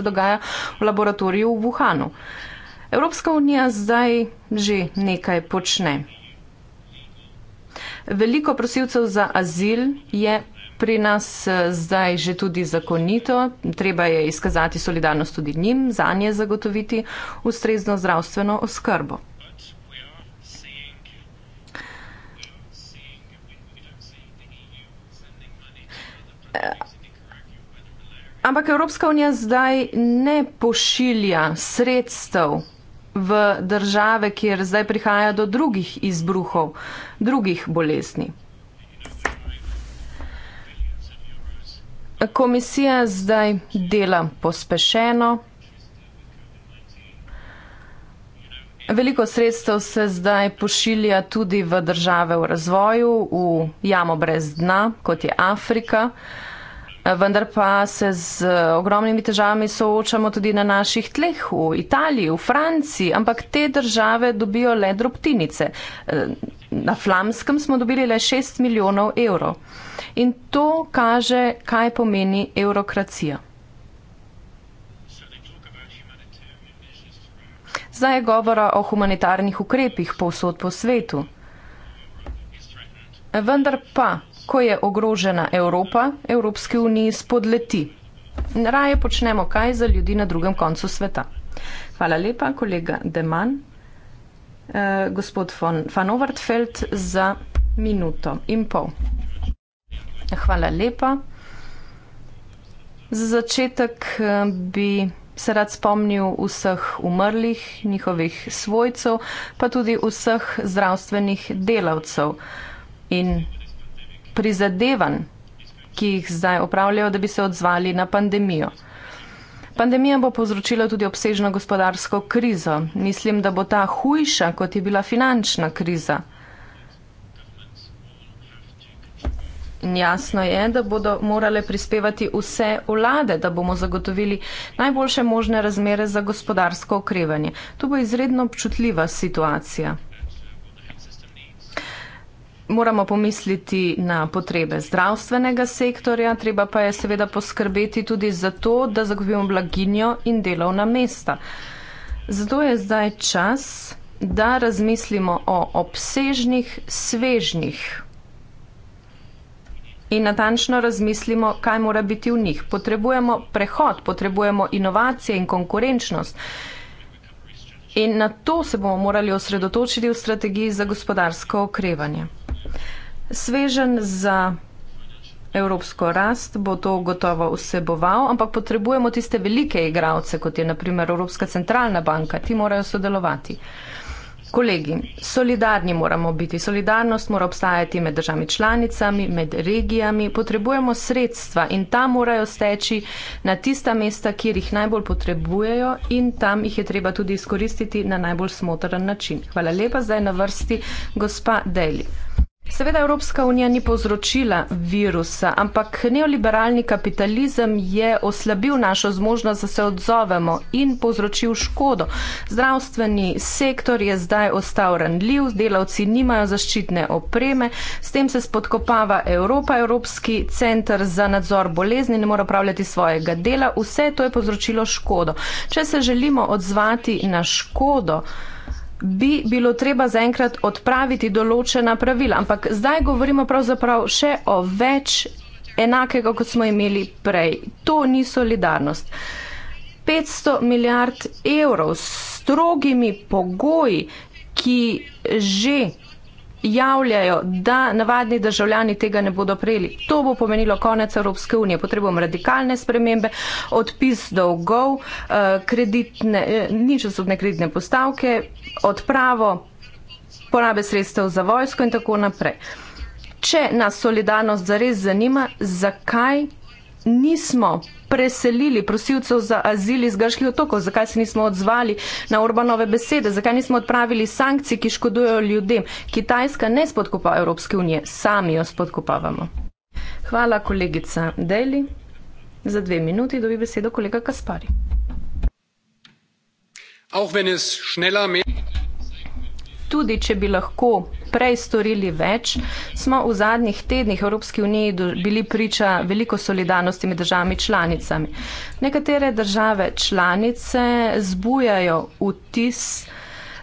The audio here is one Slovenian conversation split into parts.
se dogaja v laboratoriju v Wuhanu. Evropska unija zdaj že nekaj počne. Veliko prosilcev za azil je pri nas eh, zdaj že tudi zakonito. Treba je izkazati solidarnost tudi njim, za nje zagotoviti ustrezno zdravstveno oskrbo. Uh. Ampak Evropska unija zdaj ne pošilja sredstev v države, kjer zdaj prihaja do drugih izbruhov, drugih bolezni. Komisija zdaj dela pospešeno. Veliko sredstev se zdaj pošilja tudi v države v razvoju, v jamo brez dna, kot je Afrika. Uh, Vendar pa se z ogromnimi težavami soočamo tudi na naših tleh, v Italiji, v Franciji, ampak te države dobijo le drobtinice. Na Flamskem smo dobili le 6 milijonov evrov. In to kaže, kaj pomeni evrokracija. Zdaj je govora o humanitarnih ukrepih povsod po svetu. Vendar pa ko je ogrožena Evropa, Evropski uniji spodleti. Raje počnemo kaj za ljudi na drugem koncu sveta. Hvala lepa, kolega Deman, eh, gospod von Fanovartfeld za minuto in pol. Hvala lepa. Za začetek eh, bi se rad spomnil vseh umrlih, njihovih svojcev, pa tudi vseh zdravstvenih delavcev in prizadevanj, ki jih zdaj upravljajo, da bi se odzvali na pandemijo. Pandemija bo povzročila tudi obsežno gospodarsko krizo. Mislim, da bo ta hujša, kot je bila finančna kriza. In jasno je, da bodo morale prispevati vse vlade, da bomo zagotovili najboljše možne razmere za gospodarsko okrevanje. To bo izredno občutljiva situacija moramo pomisliti na potrebe zdravstvenega sektorja, treba pa je seveda poskrbeti tudi za to, da zagovimo blaginjo in delovna mesta. Zato je zdaj čas, da razmislimo o obsežnih svežnih in natančno razmislimo, kaj mora biti v njih. Potrebujemo prehod, potrebujemo inovacije in konkurenčnost. In na to se bomo morali osredotočiti v strategiji za gospodarsko okrevanje. Svežen za evropsko rast bo to gotovo vseboval, ampak potrebujemo tiste velike igralce, kot je naprimer Evropska centralna banka. Ti morajo sodelovati. Kolegi, solidarni moramo biti. Solidarnost mora obstajati med državami članicami, med regijami. Potrebujemo sredstva in ta morajo steči na tista mesta, kjer jih najbolj potrebujejo in tam jih je treba tudi izkoristiti na najbolj smotren način. Hvala lepa, zdaj na vrsti gospa Deli. Seveda Evropska unija ni povzročila virusa, ampak neoliberalni kapitalizem je oslabil našo zmožnost, da se odzovemo in povzročil škodo. Zdravstveni sektor je zdaj ostal ranljiv, delavci nimajo zaščitne opreme, s tem se spodkopava Evropa, Evropski centr za nadzor bolezni ne more upravljati svojega dela, vse to je povzročilo škodo. Če se želimo odzvati na škodo, bi bilo treba zaenkrat odpraviti določena pravila, ampak zdaj govorimo pravzaprav še o več enakega, kot smo imeli prej. To ni solidarnost. 500 milijard evrov s strogimi pogoji, ki že javljajo, da navadni državljani tega ne bodo prejeli. To bo pomenilo konec Evropske unije. Potrebujemo radikalne spremembe, odpis dolgov, eh, kreditne, eh, ničesodne kreditne postavke, odpravo porabe sredstev za vojsko in tako naprej. Če nas solidarnost zares zanima, zakaj nismo preselili prosilcev za azil iz Grških otokov, zakaj se nismo odzvali na Orbanove besede, zakaj nismo odpravili sankcij, ki škodujo ljudem. Kitajska ne spodkopa Evropske unije, sami jo spodkopavamo. Hvala, kolegica Deli. Za dve minuti dobi besedo kolega Kaspari. Auch wenn es schneller, mehr tudi če bi lahko prej storili več, smo v zadnjih tednih Evropski uniji bili priča veliko solidarnosti med državami članicami. Nekatere države članice zbujajo vtis,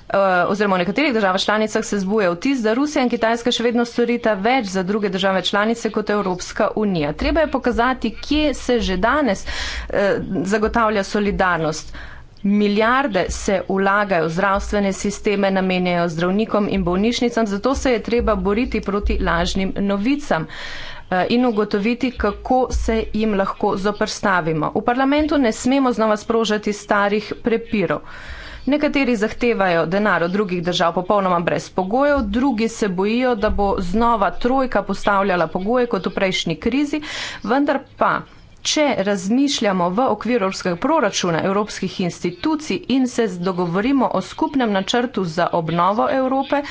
eh, oziroma v nekaterih državah članicah se zbuja vtis, da Rusija in Kitajska še vedno storita več za druge države članice kot Evropska unija. Treba je pokazati, kje se že danes eh, zagotavlja solidarnost milijarde se vlagajo v zdravstvene sisteme, namenjajo zdravnikom in bolnišnicam, zato se je treba boriti proti lažnim novicam eh, in ugotoviti, kako se jim lahko zoprstavimo. V parlamentu ne smemo znova sprožati starih prepirov. Nekateri zahtevajo denar od drugih držav popolnoma brez pogojev, drugi se bojijo, da bo znova trojka postavljala pogoje kot v prejšnji krizi, vendar pa če razmišljamo v okviru evropskega proračuna evropskih institucij in se dogovorimo o skupnem načrtu za obnovo Evrope,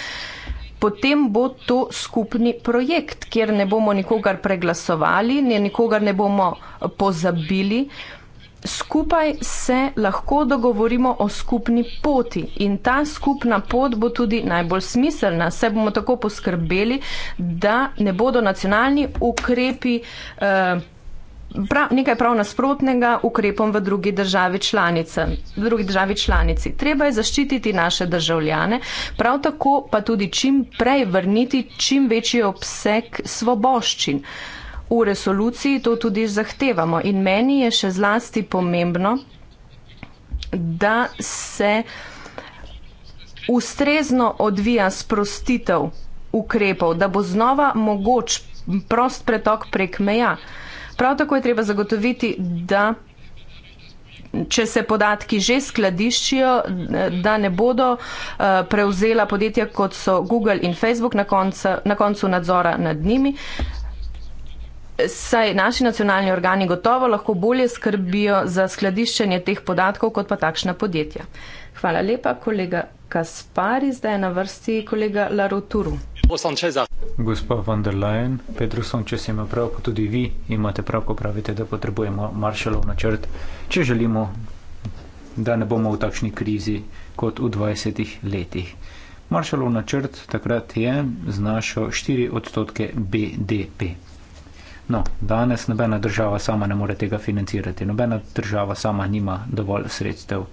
potem bo to skupni projekt, kjer ne bomo nikogar preglasovali, ne nikogar ne bomo pozabili. Skupaj se lahko dogovorimo o skupni poti in ta skupna pot bo tudi najbolj smiselna. Se bomo tako poskrbeli, da ne bodo nacionalni ukrepi eh, prav, nekaj prav nasprotnega ukrepom v drugi državi, članice, v drugi državi članici. Treba je zaščititi naše državljane, prav tako pa tudi čim prej vrniti čim večji obseg svoboščin. V resoluciji to tudi zahtevamo in meni je še zlasti pomembno, da se ustrezno odvija sprostitev ukrepov, da bo znova mogoč prost pretok prek meja. Uh, Prav tako je treba zagotoviti, da če se podatki že skladiščijo, da ne bodo eh, prevzela podjetja, kot so Google in Facebook na koncu, na koncu nadzora nad njimi. Saj naši nacionalni organi gotovo lahko bolje skrbijo za skladiščenje teh podatkov kot pa takšna podjetja. Hvala lepa, kolega Kaspari. Zdaj je na vrsti kolega Laroturu. Gospa von der Leyen, Pedro Sonče se ima prav, pa tudi vi imate prav, ko pravite, da potrebujemo maršalov načrt, če želimo, da ne bomo v takšni krizi kot v 20 letih. Maršalov načrt takrat je znašal 4 odstotke BDP. No, danes nobena država sama ne more tega financirati, nobena država sama nima dovolj sredstev.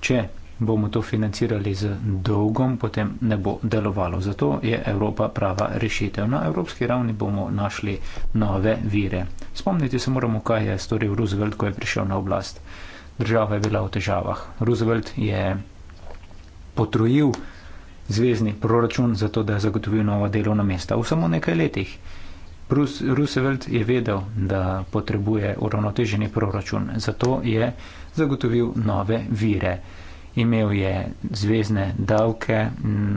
Če bomo to financirali z dolgom, potem ne bo delovalo. Zato je Evropa prava rešitev. Na evropski ravni bomo našli nove vire. Spomniti se moramo, kaj je storil Roosevelt, ko je prišel na oblast. Država je bila v težavah. Roosevelt je potrojil zvezdni proračun za to, da je zagotovil nova delovna mesta v samo nekaj letih. Roosevelt je vedel, da potrebuje uravnoteženi proračun, zato je zagotovil nove vire imel je zvezdne davke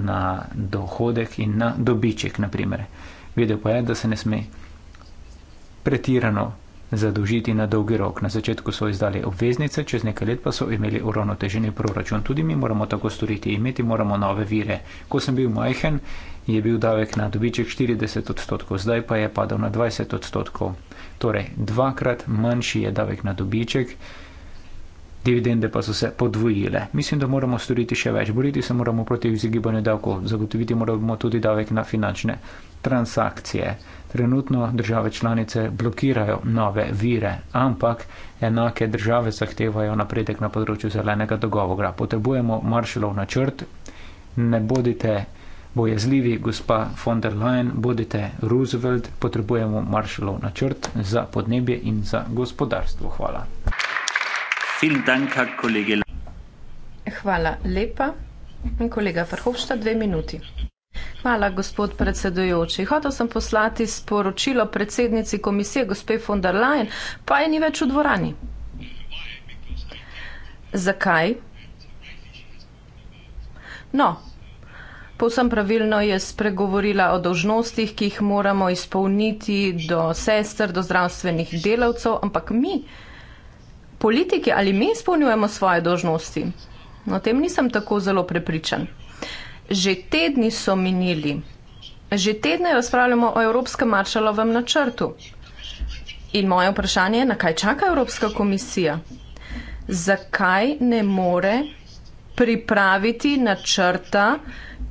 na dohodek in na dobiček, naprimer. Vedel pa je, da se ne sme pretirano zadolžiti na dolgi rok. Na začetku so izdali obveznice, čez nekaj let pa so imeli uravnoteženi proračun. Tudi mi moramo tako storiti, imeti moramo nove vire. Ko sem bil majhen, je bil davek na dobiček 40 odstotkov, zdaj pa je padal na 20 odstotkov. Torej, dvakrat manjši je davek na dobiček, dividende pa so se podvojile. Mislim, da moramo storiti še več. Boriti se moramo proti izogibanju davkov, zagotoviti moramo tudi davek na finančne transakcije. Trenutno države članice blokirajo nove vire, ampak enake države zahtevajo napredek na področju zelenega dogovora. Potrebujemo maršalov načrt, ne bodite bojezljivi, gospa von der Leyen, bodite Roosevelt, potrebujemo maršalov načrt za podnebje in za gospodarstvo. Hvala. Hvala lepa. Kolega Frhovšta, dve minuti. Hvala, gospod predsedujoči. Hotel sem poslati sporočilo predsednici komisije, gospe von der Leyen, pa je ni več v dvorani. Zakaj? No, povsem pravilno je spregovorila o dožnostih, ki jih moramo izpolniti do sester, do zdravstvenih delavcev, ampak mi, politiki ali mi izpolnjujemo svoje dožnosti. No, o tem nisem tako zelo prepričan. Že tedni so minili, že tedne jo spravljamo o Evropskem maršalovem načrtu. In moje vprašanje je, na kaj čaka Evropska komisija? Zakaj ne more pripraviti načrta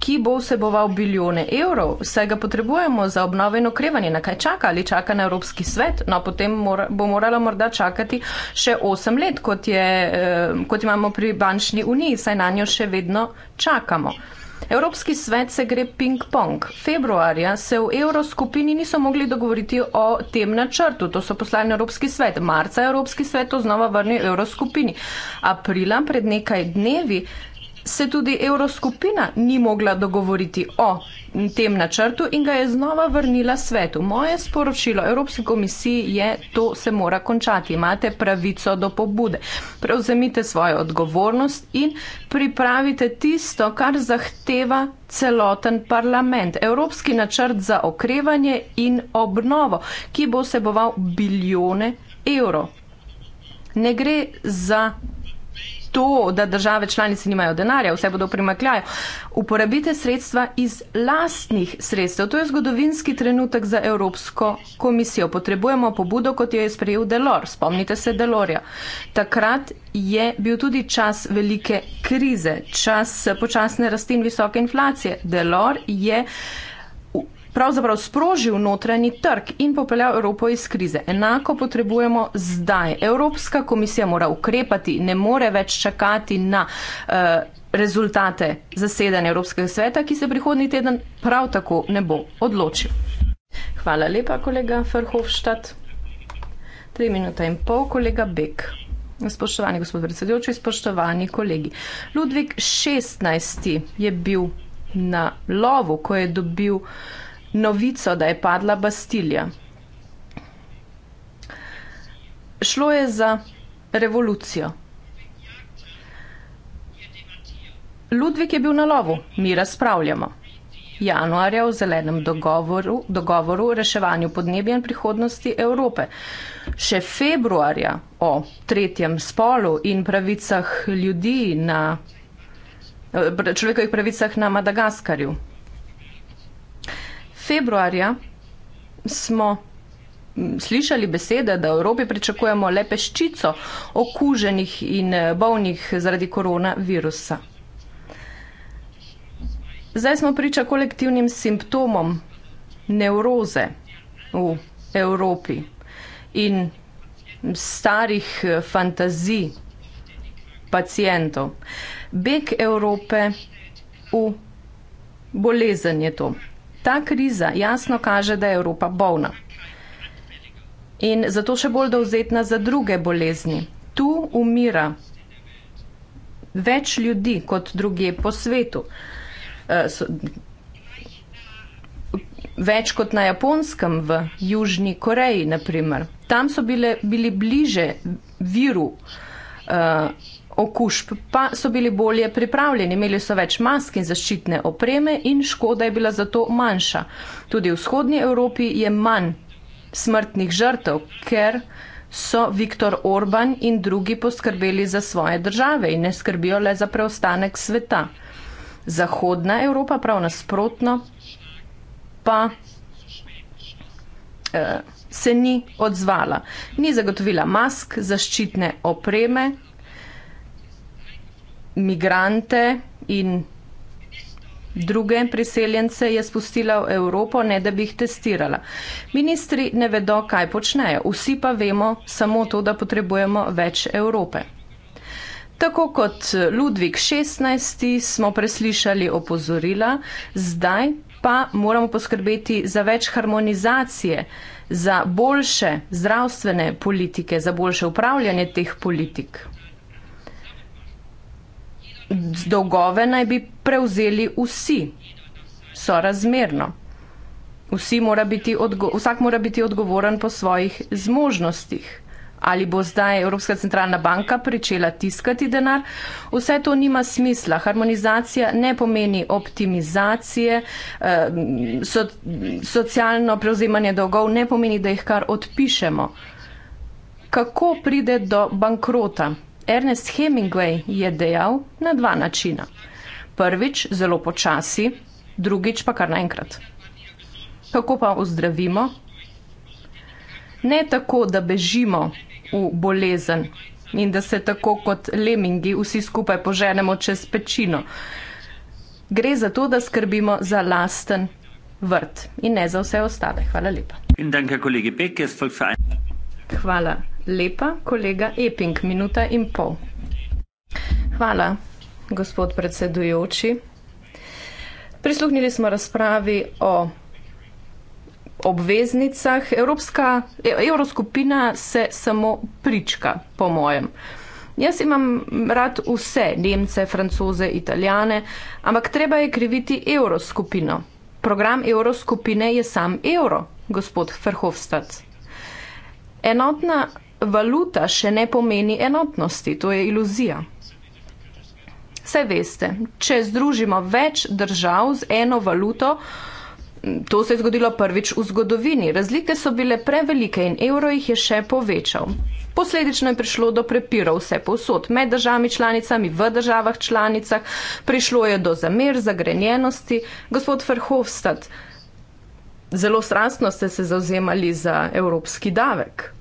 ki bo vseboval bilijone evrov, vse ga potrebujemo za obnove in okrevanje. Na kaj čaka? Ali čaka na Evropski svet? No, potem mora, bo morala morda čakati še 8 let, kot, je, eh, kot imamo pri bančni uniji, saj na njo še vedno čakamo. Evropski svet se gre ping-pong. Februarja se v evroskupini niso mogli dogovoriti o tem načrtu, to so poslali na Evropski svet. Marca je Evropski svet to znova vrnil Evroskupini. Aprila pred nekaj dnevi se tudi Evroskupina ni mogla dogovoriti o tem načrtu in ga je znova vrnila svetu. Moje sporočilo Evropski komisiji je, to se mora končati. Imate pravico do pobude. Prevzemite svojo odgovornost in pripravite tisto, kar zahteva celoten parlament. Evropski načrt za okrevanje in obnovo, ki bo seboval biljone evrov. Ne gre za to, da države članice nimajo denarja, vse bodo primakljajo. Uporabite sredstva iz lastnih sredstev. To je zgodovinski trenutek za Evropsko komisijo. Potrebujemo pobudo, kot jo je sprejel Delor. Spomnite se Delorja. Takrat je bil tudi čas velike krize, čas počasne rasti in visoke inflacije. Delor je pravzaprav sprožil notranji trg in popeljal Evropo iz krize. Enako potrebujemo zdaj. Evropska komisija mora ukrepati, ne more več čakati na uh, rezultate zasedanja Evropskega sveta, ki se prihodnji teden prav tako ne bo odločil. Hvala lepa, kolega Ferhofštad. Tri minuta in pol, kolega Bek. Spoštovani gospod predsedujoči, spoštovani kolegi. Ludvik 16. je bil na lovu, ko je dobil novico, da je padla Bastilja. Šlo je za revolucijo. Ludvik je bil na lovu, mi razpravljamo. Januarja v zelenem dogovoru, dogovoru o reševanju podnebja in prihodnosti Evrope. Še februarja o tretjem spolu in pravicah ljudi na eh, človekovih pravicah na Madagaskarju februarja smo slišali besede, da v Evropi pričakujemo le peščico okuženih in eh, bolnih zaradi koronavirusa. Zdaj smo priča kolektivnim simptomom nevroze v Evropi in starih eh, fantazij pacijentov. Beg Evrope v bolezen je to. Ta kriza jasno kaže, da je Evropa bolna. In zato še bolj dovzetna za druge bolezni. Tu umira več ljudi kot druge po svetu. Eh, več kot na japonskem v Južni Koreji, naprimer. Tam so bile, bili bliže viru. Eh, okužb pa so bili bolje pripravljeni, imeli so več mask in zaščitne opreme in škoda je bila zato manjša. Tudi v vzhodnji Evropi je manj smrtnih žrtev, ker so Viktor Orban in drugi poskrbeli za svoje države in ne skrbijo le za preostanek sveta. Zahodna Evropa prav nasprotno pa eh, se ni odzvala. Ni zagotovila mask, zaščitne opreme, migrante in druge priseljence je spustila v Evropo, ne da bi jih testirala. Ministri ne vedo, kaj počnejo, vsi pa vemo samo to, da potrebujemo več Evrope. Tako kot Ludvik XVI smo preslišali opozorila, zdaj pa moramo poskrbeti za več harmonizacije, za boljše zdravstvene politike, za boljše upravljanje teh politik dolgove naj bi prevzeli vsi, sorazmerno. Vsi mora biti odgo, vsak mora biti odgovoren po svojih zmožnostih. Ali bo zdaj Evropska centralna banka pričela tiskati denar? Vse to nima smisla. Harmonizacija ne pomeni optimizacije, eh, so, socialno prevzemanje dolgov ne pomeni, da jih kar odpišemo. Kako pride do bankrota? Ernest Hemingway je dejal na dva načina. Prvič zelo počasi, drugič pa kar naenkrat. Kako pa ozdravimo? Ne tako, da bežimo v bolezen in da se tako kot lemingi vsi skupaj poženemo čez pečino. Gre za to, da skrbimo za lasten vrt in ne za vse ostale. Hvala lepa. Hvala lepa, kolega Eping, minuta in pol. Hvala, gospod predsedujoči. Prisluhnili smo razpravi o obveznicah. Evropska, e, Evroskupina se samo prička, po mojem. Jaz imam rad vse, Nemce, Francoze, Italijane, ampak treba je kriviti Evroskupino. Program Evroskupine je sam evro, gospod Ferhovstac. Enotna valuta še ne pomeni enotnosti, to je iluzija. Vse veste, če združimo več držav z eno valuto, to se je zgodilo prvič v zgodovini. Razlike so bile prevelike in evro jih je še povečal. Posledično je prišlo do prepirov vse povsod, med državami članicami, v državah članicah, prišlo je do zamer, zagrenjenosti. Gospod Verhofstadt, zelo strastno ste se zauzemali za evropski davek.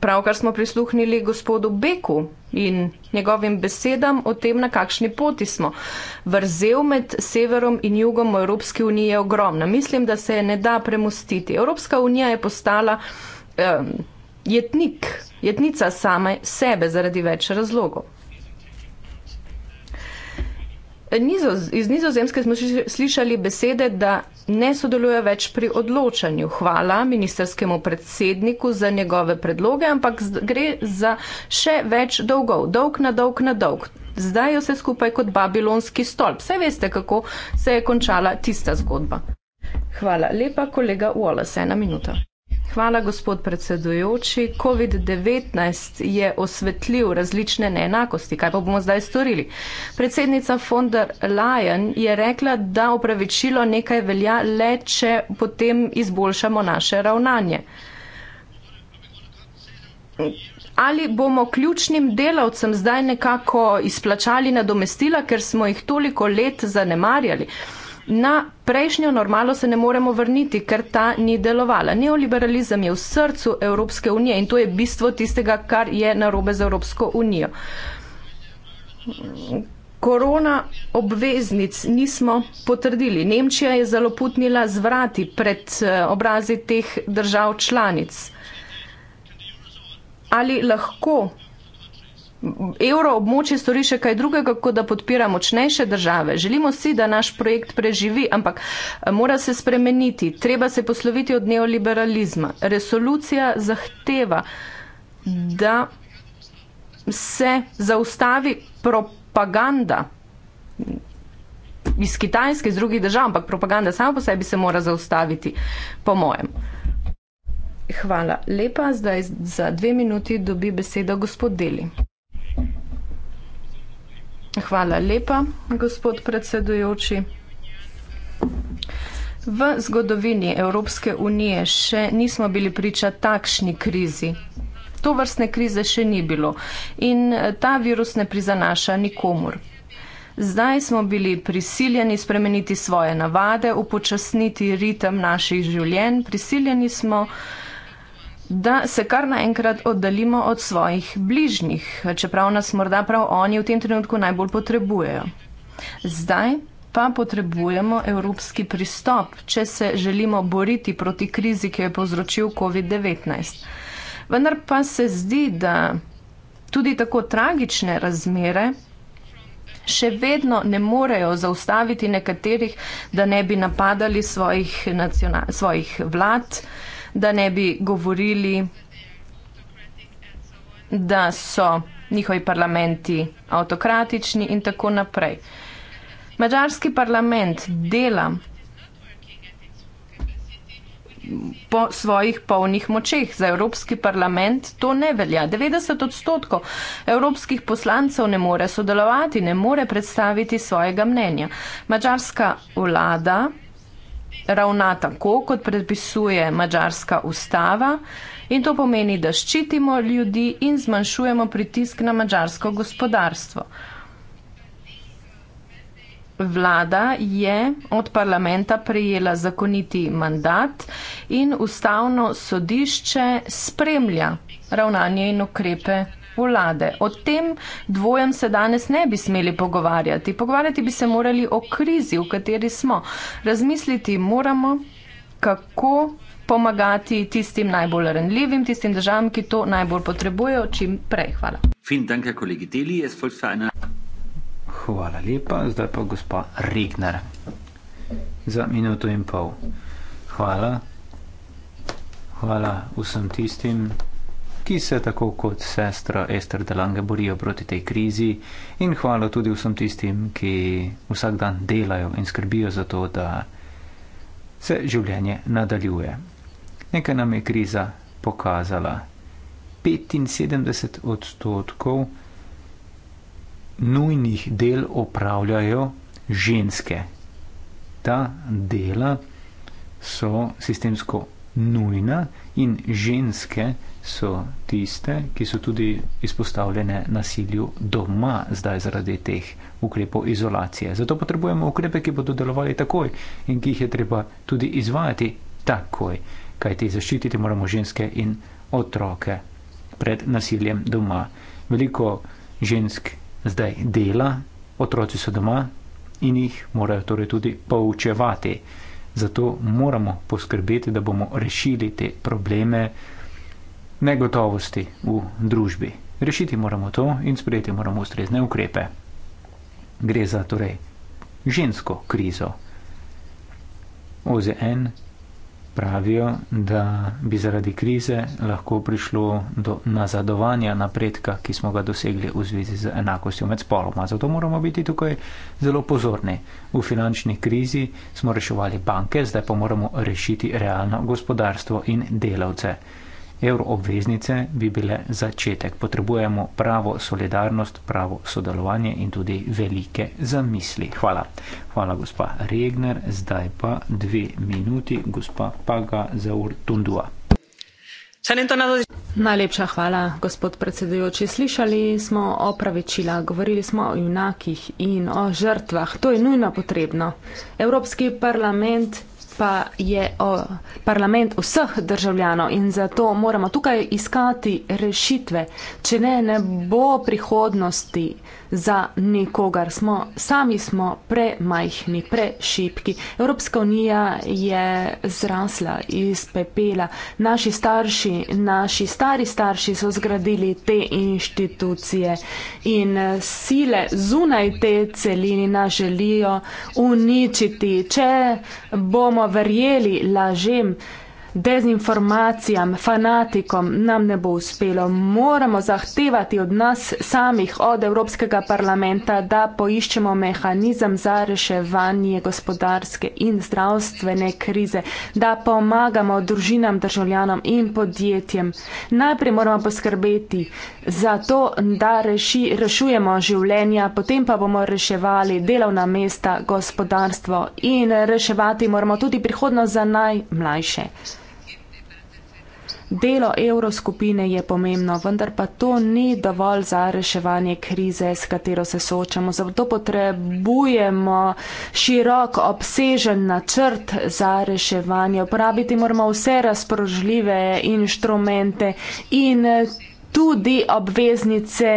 pravkar smo prisluhnili gospodu Beku in njegovim besedam o tem, na kakšni poti smo. Vrzel med severom in jugom Evropske unije je ogromna. Mislim, da se je ne da premustiti. Evropska unija je postala um, jetnik, jetnica same sebe zaradi več razlogov. Nizoz, iz nizozemske smo slišali besede, da ne sodeluje več pri odločanju. Hvala ministerskemu predsedniku za njegove predloge, ampak gre za še več dolgov. Dolg na dolg na dolg. Zdaj jo vse skupaj kot babilonski stolp. Vse veste, kako se je končala tista zgodba. Hvala lepa, kolega Wallace. Ena minuta. Hvala, gospod predsedujoči. COVID-19 je osvetljiv različne neenakosti. Kaj pa bomo zdaj storili? Predsednica von der Leyen je rekla, da opravičilo nekaj velja le, če potem izboljšamo naše ravnanje. Ali bomo ključnim delavcem zdaj nekako izplačali nadomestila, ker smo jih toliko let zanemarjali? na prejšnjo normalo se ne moremo vrniti, ker ta ni delovala. Neoliberalizem je v srcu Evropske unije in to je bistvo tistega, kar je narobe z Evropsko unijo. Korona obveznic nismo potrdili. Nemčija je zaloputnila z vrati pred eh, obrazi teh držav članic. Ali lahko evroobmočje stori še kaj drugega, kot da podpira močnejše države. Želimo si, da naš projekt preživi, ampak eh, mora se spremeniti. Treba se posloviti od neoliberalizma. Resolucija zahteva, da se zaustavi propaganda iz Kitajske, iz drugih držav, ampak propaganda samo po sebi se mora zaustaviti, po mojem. Hvala lepa. Zdaj za dve minuti dobi besedo gospod Deli. Hvala lepa, gospod predsedujoči. V zgodovini Evropske unije še nismo bili priča takšni krizi. To vrstne krize še ni bilo in eh, ta virus ne prizanaša nikomur. Zdaj smo bili prisiljeni spremeniti svoje navade, upočasniti ritem naših življenj, prisiljeni smo uh, da se kar naenkrat oddaljimo od svojih bližnjih, čeprav nas morda prav oni v tem trenutku najbolj potrebujejo. Zdaj pa potrebujemo evropski pristop, če se želimo boriti proti krizi, ki jo je povzročil COVID-19. Vendar pa se zdi, da tudi tako tragične razmere še vedno ne morejo zaustaviti nekaterih, da ne bi napadali svojih, svojih vlad, da ne bi govorili, da so njihovi parlamenti avtokratični in tako naprej. Mačarski parlament dela po svojih polnih močeh. Za Evropski parlament to ne velja. 90 odstotkov evropskih poslancev ne more sodelovati, ne more predstaviti svojega mnenja. Mačarska vlada ravna tako, kot predpisuje mađarska ustava in to pomeni, da ščitimo ljudi in zmanjšujemo pritisk na mađarsko gospodarstvo. Vlada je od parlamenta prejela zakoniti mandat in ustavno sodišče spremlja ravnanje in ukrepe vlade. O tem dvojem se danes ne bi smeli pogovarjati. Pogovarjati bi se morali o krizi, v kateri smo. Razmisliti moramo, kako pomagati tistim najbolj ranljivim, tistim državam, ki to najbolj potrebujejo, čim prej. Hvala. Hvala lepa, zdaj pa gospa Regner za minuto in pol. Hvala. Hvala vsem tistim, ki se tako kot sestra Ester Delange borijo proti tej krizi in hvala tudi vsem tistim, ki vsak dan delajo in skrbijo za to, da se življenje nadaljuje. Nekaj nam je kriza pokazala. 75 odstotkov nujnih del opravljajo ženske. Ta dela so sistemsko nujna in ženske so tiste, ki so tudi izpostavljene nasilju doma zdaj zaradi teh ukrepov izolacije. Zato potrebujemo ukrepe, ki bodo delovali takoj in ki jih je treba tudi izvajati takoj, kajti zaščititi moramo ženske in otroke pred nasiljem doma. Veliko žensk zdaj dela, otroci so doma in jih morajo torej tudi poučevati. Zato moramo poskrbeti, da bomo rešili te probleme negotovosti v družbi. Rešiti moramo to in sprejeti moramo ustrezne ukrepe. Gre za torej žensko krizo. OZN pravijo, da bi zaradi krize lahko prišlo do nazadovanja napredka, ki smo ga dosegli v zvezi z enakostjo med spoloma. Zato moramo biti tukaj zelo pozorni. V finančni krizi smo reševali banke, zdaj pa moramo rešiti realno gospodarstvo in delavce evro obveznice bi bile začetek. Potrebujemo pravo solidarnost, pravo sodelovanje in tudi velike zamisli. Hvala. Hvala, gospa Regner. Zdaj pa dve minuti, gospa Paga Zaur Tundua. Najlepša hvala, gospod predsedujoči. Slišali smo o pravičila, govorili smo o junakih in o žrtvah. To je nujno potrebno. Evropski parlament pa je o, parlament vseh državljanov in zato moramo tukaj iskati rešitve. Če ne, ne bo prihodnosti za nikogar. Smo, sami smo premajhni, prešipki. Evropska unija je zrasla iz pepela. Naši starši, naši stari starši so zgradili te inštitucije in sile zunaj te celini nas želijo uničiti. Če bomo verjeli lažem, dezinformacijam, fanatikom nam ne bo uspelo. Moramo zahtevati od nas samih, od Evropskega parlamenta, da poiščemo mehanizem za reševanje gospodarske in zdravstvene krize, da pomagamo družinam, državljanom in podjetjem. Najprej moramo poskrbeti za to, da reši, rešujemo življenja, potem pa bomo reševali delovna mesta, gospodarstvo in reševati moramo tudi prihodnost za najmlajše. Thank you. Delo evroskupine je pomembno, vendar pa to ni dovolj za reševanje krize, s katero se soočamo. Zato potrebujemo širok, obsežen načrt za reševanje. Uporabiti moramo vse razpoložljive inštrumente in tudi obveznice,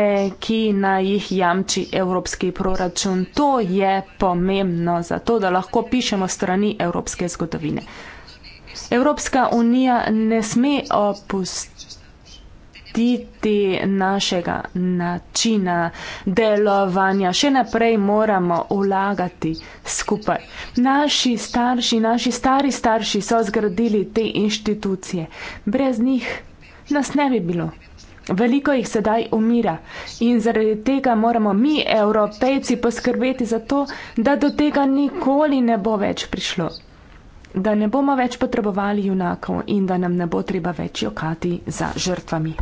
ki na jih jamči evropski proračun. To je pomembno, zato da lahko pišemo strani evropske zgodovine. Evropska unija ne sme opustiti našega načina delovanja. Še naprej moramo ulagati skupaj. Naši starši, naši stari starši so zgradili te inštitucije. Brez njih nas ne bi bilo. Veliko jih sedaj umira in zaradi tega moramo mi, evropejci, poskrbeti za to, da do tega nikoli ne bo več prišlo da ne bomo več potrebovali junakov in da nam ne bo treba več jokati za žrtvami.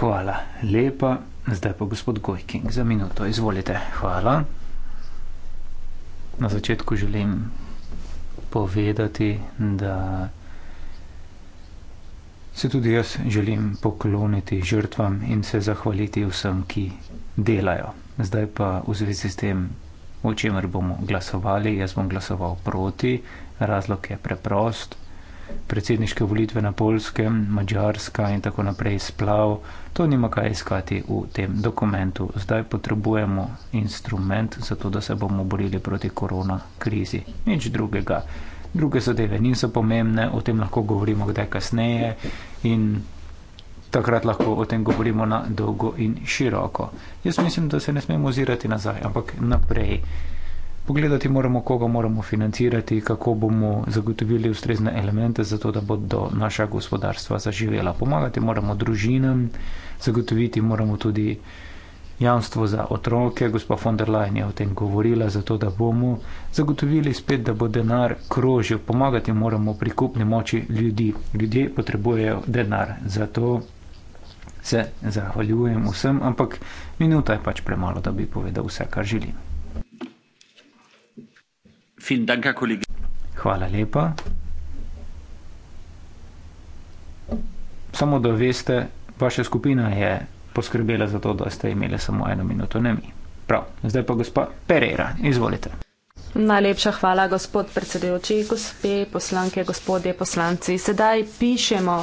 Hvala lepa. Zdaj pa gospod Gojking za minuto. Izvolite. Hvala. Na začetku želim povedati, da se tudi jaz želim pokloniti žrtvam in se zahvaliti vsem, ki delajo. Zdaj pa v zvezi s tem, o čemer bomo glasovali, jaz bom glasoval proti. Razlog je preprost. Predsedniške volitve na Polskem, Mačarska in tako naprej splav, to nima kaj iskati v tem dokumentu. Zdaj potrebujemo instrument za to, da se bomo borili proti korona krizi. Nič drugega. Druge zadeve niso pomembne, o tem lahko govorimo kdaj kasneje in takrat lahko o tem govorimo na dolgo in široko. Jaz mislim, da se ne smemo ozirati nazaj, ampak naprej. Pogledati moramo, koga moramo financirati, kako bomo zagotovili ustrezne elemente za to, da bodo naša gospodarstva zaživela. Pomagati moramo družinam, zagotoviti moramo tudi jamstvo za otroke. Gospa von der Leyen je o tem govorila, zato da bomo zagotovili spet, da bo denar krožil. Pomagati moramo pri kupni moči ljudi. Ljudje potrebujejo denar, zato se zahvaljujem vsem, ampak minuta je pač premalo, da bi povedal vse, kar želim. Vielen Dank, Herr Kollege. Hvala lepa. Samo da veste, vaša skupina je poskrbela za to, da ste imeli samo eno minuto, ne mi. Prav, zdaj pa gospa Pereira, izvolite. Najlepša hvala, gospod predsedujoči, gospe poslanke, gospodje poslanci. Sedaj pišemo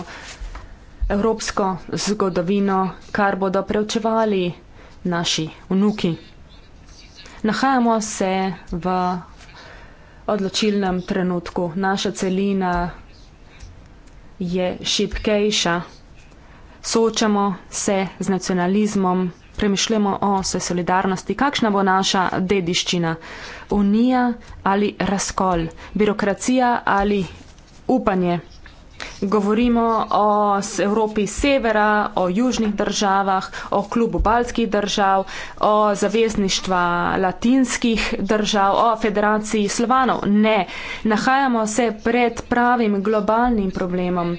evropsko zgodovino, kar bodo preučevali naši vnuki. Nahajamo se v odločilnem trenutku. Naša celina je šibkejša. Soočamo se z nacionalizmom, premišljamo o se solidarnosti, kakšna bo naša dediščina. Unija ali razkol, birokracija ali upanje. Govorimo o Evropi severa, o južnih državah, o klubu baltskih držav, o zavezništva latinskih držav, o federaciji slovanov. Ne, nahajamo se pred pravim globalnim problemom.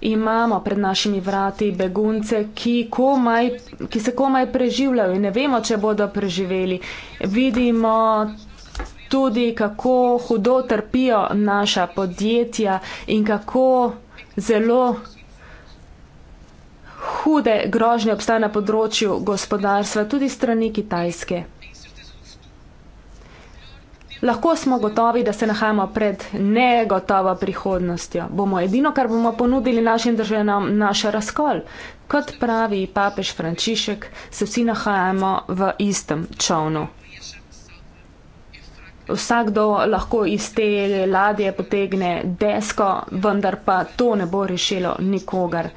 Imamo pred našimi vrati begunce, ki, komaj, ki se komaj preživljajo in ne vemo, če bodo preživeli. Vidimo tudi, kako hudo trpijo naša podjetja in kako zelo hude grožnje obstaja na področju gospodarstva, tudi strani Kitajske. Lahko smo gotovi, da se nahajamo pred negotovo prihodnostjo. Bomo edino, kar bomo ponudili našim državljanom, naš razkol. Kot pravi papež Frančišek, se vsi nahajamo v istem čovnu vsakdo lahko iz te ladje potegne desko, vendar pa to ne bo rešilo nikogar.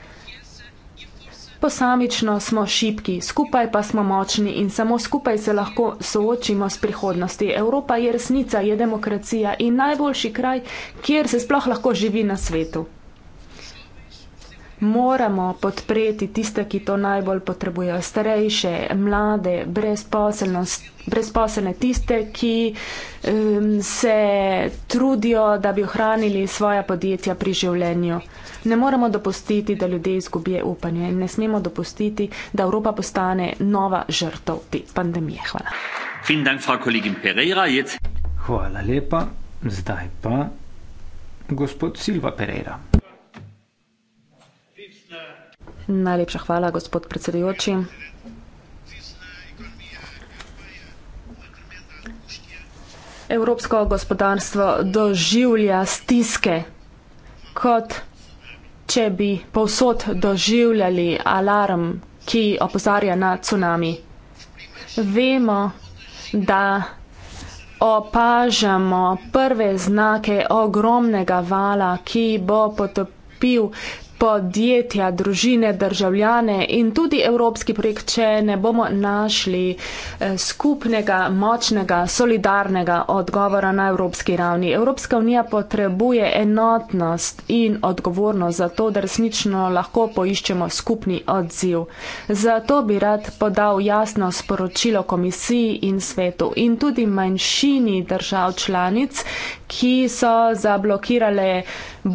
Posamično smo šipki, skupaj pa smo močni in samo skupaj se lahko soočimo s prihodnosti. Evropa je resnica, je demokracija in najboljši kraj, kjer se sploh lahko živi na svetu moramo podpreti tiste, ki to najbolj potrebujejo, starejše, mlade, brezposelne, tiste, ki um, se trudijo, da bi ohranili svoja podjetja pri življenju. Ne moramo dopustiti, da ljudje izgubijo upanje in ne smemo dopustiti, da Evropa postane nova žrtov te pandemije. Hvala. Hvala lepa. Zdaj pa gospod Silva Pereira. Najlepša hvala, gospod predsedujoči. Evropsko gospodarstvo doživlja stiske, kot če bi povsod doživljali alarm, ki opozarja na cunami. Vemo, da opažamo prve znake ogromnega vala, ki bo potopil podjetja, družine, državljane in tudi evropski projekt, če ne bomo našli eh, skupnega, močnega, solidarnega odgovora na evropski ravni. Evropska unija potrebuje enotnost in odgovornost za to, da resnično lahko poiščemo skupni odziv. Zato bi rad podal jasno sporočilo komisiji in svetu in tudi manjšini držav članic, ki so zablokirale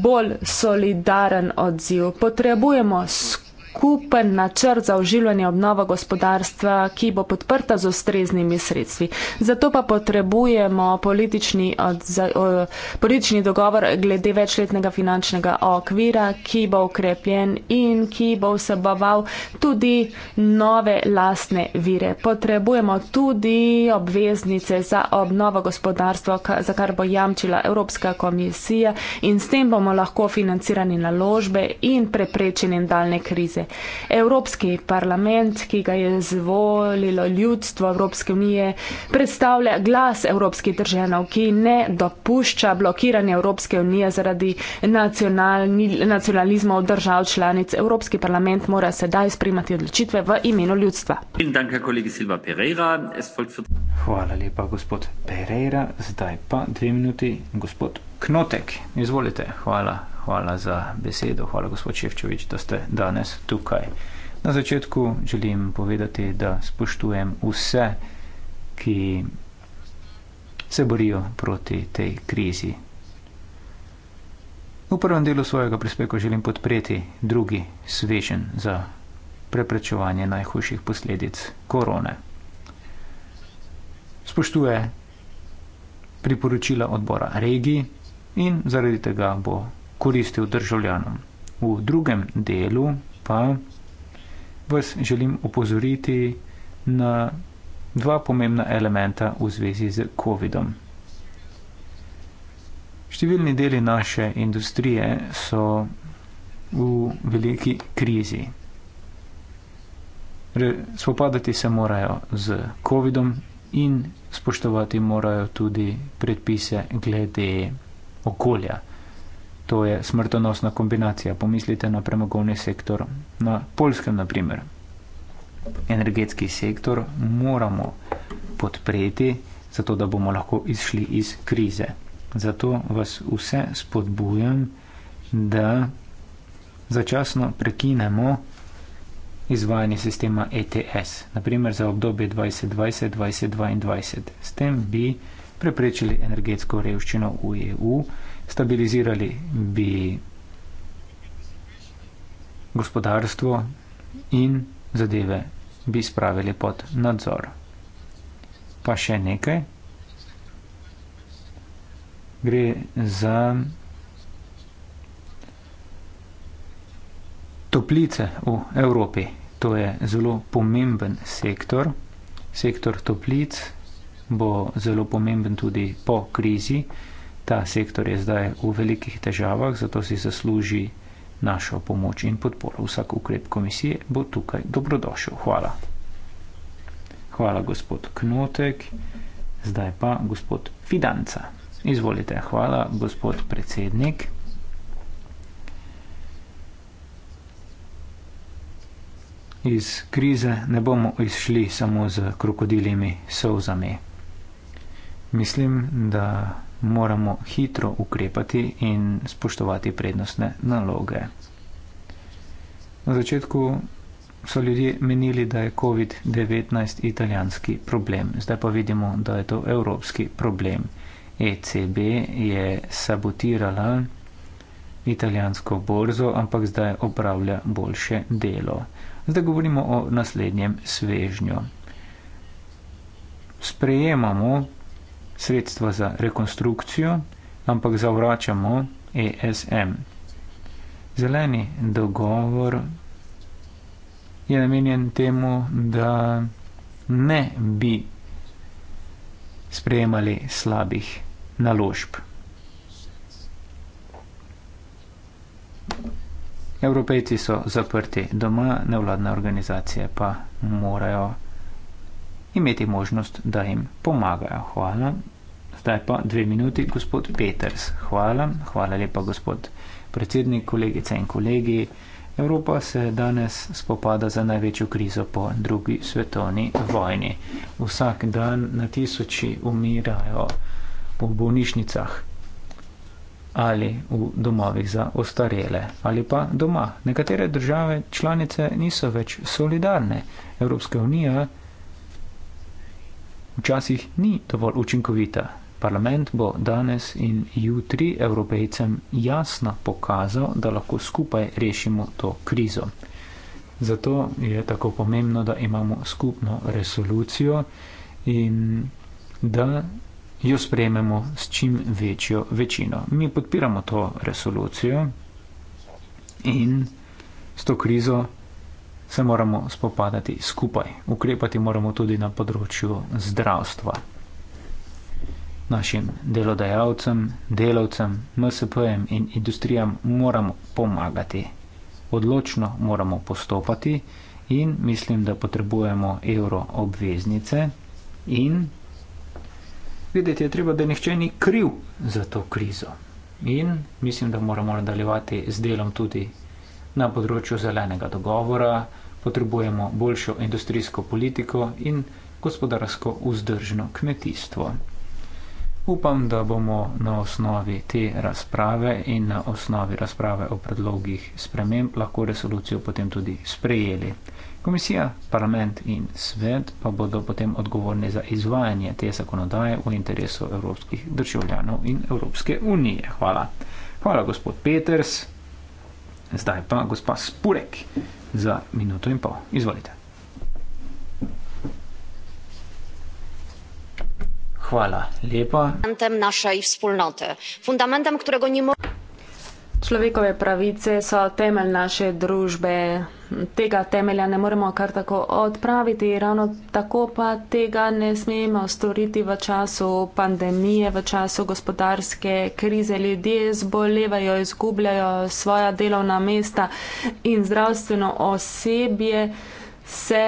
bolj solidaren odziv. Potrebujemo skupaj skupen načrt za oživljanje obnova gospodarstva, ki bo podprta z ustreznimi sredstvi. Zato pa potrebujemo politični, odza, politični dogovor glede večletnega finančnega okvira, ki bo ukrepjen in ki bo vseboval tudi nove lastne vire. Potrebujemo tudi obveznice za obnovo gospodarstva, za kar bo jamčila Evropska komisija in s tem bomo lahko financirani naložbe in preprečeni daljne krize. Evropski parlament, ki ga je zvolilo ljudstvo Evropske unije, predstavlja glas evropskih držav, ki ne dopušča blokiranja Evropske unije zaradi nacionalizma od držav članic. Evropski parlament mora sedaj sprimati odločitve v imenu ljudstva. Hvala lepa, gospod Pereira. Zdaj pa dve minuti, gospod Knotek. Izvolite. Hvala hvala za besedo, hvala gospod Ševčevič, da ste danes tukaj. Na začetku želim povedati, da spoštujem vse, ki se borijo proti tej krizi. V prvem delu svojega prispevka želim podpreti drugi svežen za preprečevanje najhujših posledic korone. Spoštuje priporočila odbora regiji in zaradi tega bo koristil državljanom. V drugem delu pa vas želim opozoriti na dva pomembna elementa v zvezi z COVID-om. Številni deli naše industrije so v veliki krizi. Spopadati se morajo z COVID-om in spoštovati morajo tudi predpise glede okolja. To je smrtonosna kombinacija. Pomislite na premogovni sektor, na polskem naprimer. Energetski sektor moramo podpreti, zato da bomo lahko izšli iz krize. Zato vas vse spodbujam, da začasno prekinemo izvajanje sistema ETS, naprimer za obdobje 2020-2022. S tem bi preprečili energetsko revščino v EU stabilizirali bi gospodarstvo in zadeve bi spravili pod nadzor. Pa še nekaj. Gre za toplice v Evropi. To je zelo pomemben sektor. Sektor toplic bo zelo pomemben tudi po krizi ta sektor je zdaj v velikih težavah, zato si zasluži našo pomoč in podporo. Vsak ukrep komisije bo tukaj dobrodošel. Hvala. Hvala, gospod Knotek. Zdaj pa gospod Fidanca. Izvolite, hvala, gospod predsednik. Iz krize ne bomo izšli samo z krokodilimi solzami. Mislim, da moramo hitro ukrepati in spoštovati prednostne naloge. Na začetku so ljudje menili, da je COVID-19 italijanski problem, zdaj pa vidimo, da je to evropski problem. ECB je sabotirala italijansko borzo, ampak zdaj opravlja boljše delo. Zdaj govorimo o naslednjem svežnju. Sprejemamo sredstva za rekonstrukcijo, ampak zavračamo ESM. Zeleni dogovor je namenjen temu, da ne bi sprejemali slabih naložb. Evropejci so zaprti doma, nevladne organizacije pa morajo imeti možnost, da jim pomagajo. Hvala. Zdaj pa dve minuti, gospod Peters. Hvala. Hvala lepa, gospod predsednik, kolegice in kolegi. Evropa se danes spopada za največjo krizo po drugi svetovni vojni. Vsak dan na tisoči umirajo v bolnišnicah ali v domovih za ostarele ali pa doma. Nekatere države članice niso več solidarne. Evropska unija včasih ni dovolj učinkovita. Parlament bo danes in jutri evropejcem jasno pokazal, da lahko skupaj rešimo to krizo. Zato je tako pomembno, da imamo skupno resolucijo in da jo sprejmemo s čim večjo večino. Mi podpiramo to resolucijo in s to krizo se moramo spopadati skupaj. Ukrepati moramo tudi na področju zdravstva. Našim delodajalcem, delavcem, MSP-jem in industrijam moramo pomagati. Odločno moramo postopati in mislim, da potrebujemo evro obveznice in videti je treba, da nihče ni kriv za to krizo. In mislim, da moramo nadaljevati z delom tudi na področju zelenega dogovora, potrebujemo boljšo industrijsko politiko in gospodarsko vzdržno kmetijstvo. Upam, da bomo na osnovi te razprave in na osnovi razprave o predlogih sprememb lahko resolucijo potem tudi sprejeli. Komisija, parlament in svet pa bodo potem odgovorni za izvajanje te zakonodaje v interesu evropskih državljanov in Evropske unije. Hvala. Hvala, gospod Peters. Zdaj pa gospa Spurek za minuto in pol. Izvolite. Hvala lepa. Fundamentem naszej wspólnoty. Fundamentem, którego nie możemy. Človekove pravice so temelj naše družbe. Tega temelja ne moremo kar tako odpraviti, ravno tako pa tega ne smemo storiti v času pandemije, v času gospodarske krize. Ljudje zbolevajo, izgubljajo svoja delovna mesta in zdravstveno osebje se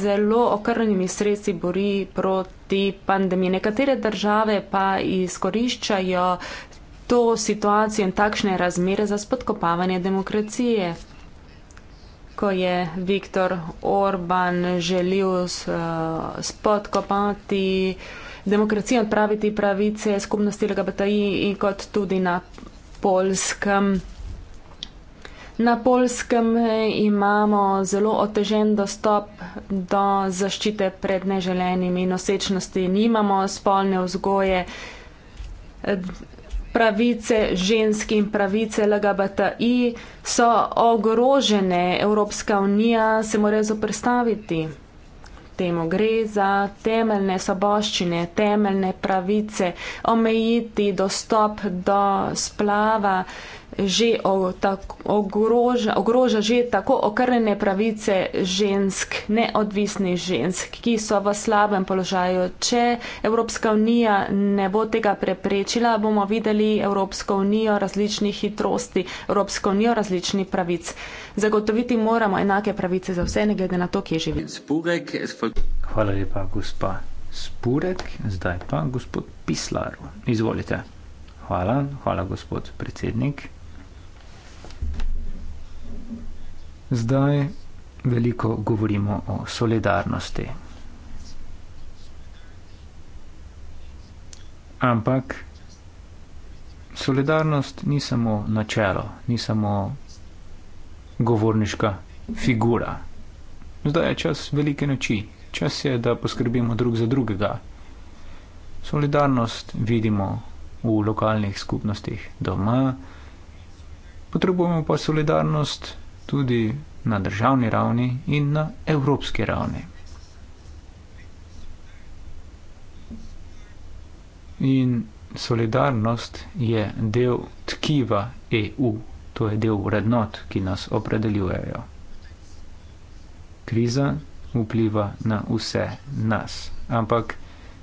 zelo okrnjimi sredstvi bori proti pandemiji. Nekatere države pa izkoriščajo to situacijo in takšne razmere za spodkopavanje demokracije. Ko je Viktor Orban želel eh, spodkopati demokracijo, odpraviti pravice skupnosti LGBTI in kot tudi na polskem. Na polskem eh, imamo zelo otežen dostop do zaščite pred neželenimi nosečnosti, nimamo spolne vzgoje. Eh, pravice žensk in pravice LGBTI so ogrožene. Evropska unija se mora zoprstaviti. Temu gre za temeljne soboščine, temeljne pravice, omejiti dostop do splava, že ogroža, ogroža že tako okrnjene pravice žensk, neodvisnih žensk, ki so v slabem položaju. Če Evropska unija ne bo tega preprečila, bomo videli Evropsko unijo različnih hitrosti, Evropsko unijo različnih pravic. Zagotoviti moramo enake pravice za vse, ne glede na to, kje živi. Hvala lepa, gospa Spurek. Zdaj pa gospod Pislar. Izvolite. Hvala, hvala gospod predsednik. Zdaj veliko govorimo o solidarnosti. Ampak solidarnost ni samo načelo, ni samo govorniška figura. Zdaj je čas velike noči, čas je, da poskrbimo drug za drugega. Solidarnost vidimo v lokalnih skupnostih doma, potrebujemo pa solidarnost tudi na državni ravni in na evropski ravni. In solidarnost je del tkiva EU, to je del vrednot, ki nas opredeljujejo. Kriza vpliva na vse nas, ampak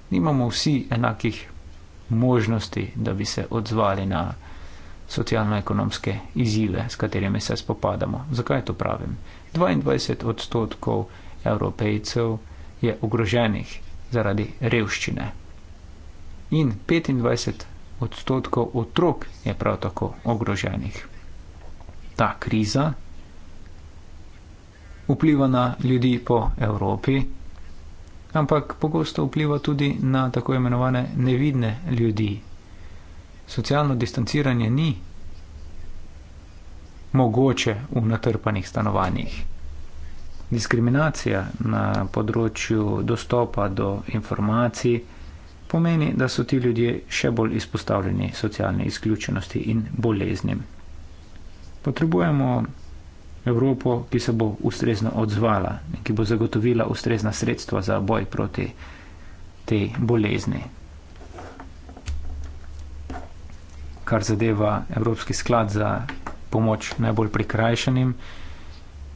nimamo vsi enakih možnosti, da bi se odzvali na to socialno-ekonomske izzive, s katerimi se spopadamo. Zakaj to pravim? 22 odstotkov evropejcev je ogroženih zaradi revščine in 25 odstotkov otrok je prav tako ogroženih. Ta kriza vpliva na ljudi po Evropi, ampak pogosto vpliva tudi na tako imenovane nevidne ljudi, socialno distanciranje ni mogoče v natrpanih stanovanjih. Diskriminacija na področju dostopa do informacij pomeni, da so ti ljudje še bolj izpostavljeni socialne izključenosti in boleznim. Potrebujemo Evropo, ki se bo ustrezno odzvala in ki bo zagotovila ustrezna sredstva za boj proti tej bolezni, kar zadeva Evropski sklad za pomoč najbolj prikrajšanim.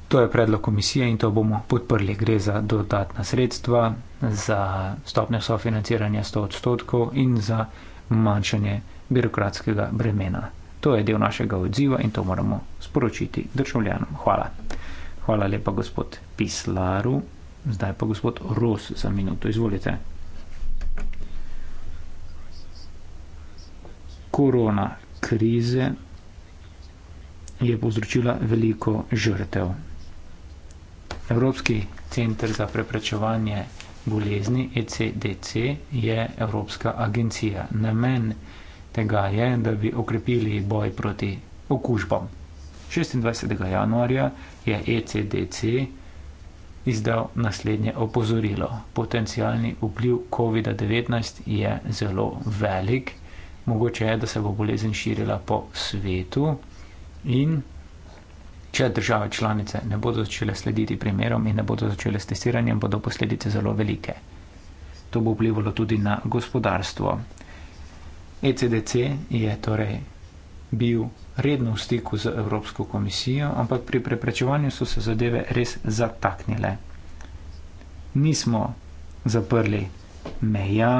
To je predlog komisije in to bomo podprli. Gre za dodatna sredstva, za stopne sofinanciranja 100 odstotkov in za manjšanje birokratskega bremena. To je del našega odziva in to moramo sporočiti državljanom. Hvala. Hvala lepa, gospod Pislaru. Zdaj pa gospod Ros za minuto. Izvolite. korona krize je povzročila veliko žrtev. Evropski center za preprečevanje bolezni ECDC je Evropska agencija. Namen tega je, da bi okrepili boj proti okužbam. 26. januarja je ECDC izdal naslednje opozorilo. Potencialni vpliv COVID-19 je zelo velik mogoče je, da se bo bolezen širila po svetu in če države članice ne bodo začele slediti primerom in ne bodo začele s testiranjem, bodo posledice zelo velike. To bo vplivalo tudi na gospodarstvo. ECDC je torej bil redno v stiku z Evropsko komisijo, ampak pri preprečevanju so se zadeve res zataknile. Nismo zaprli meja,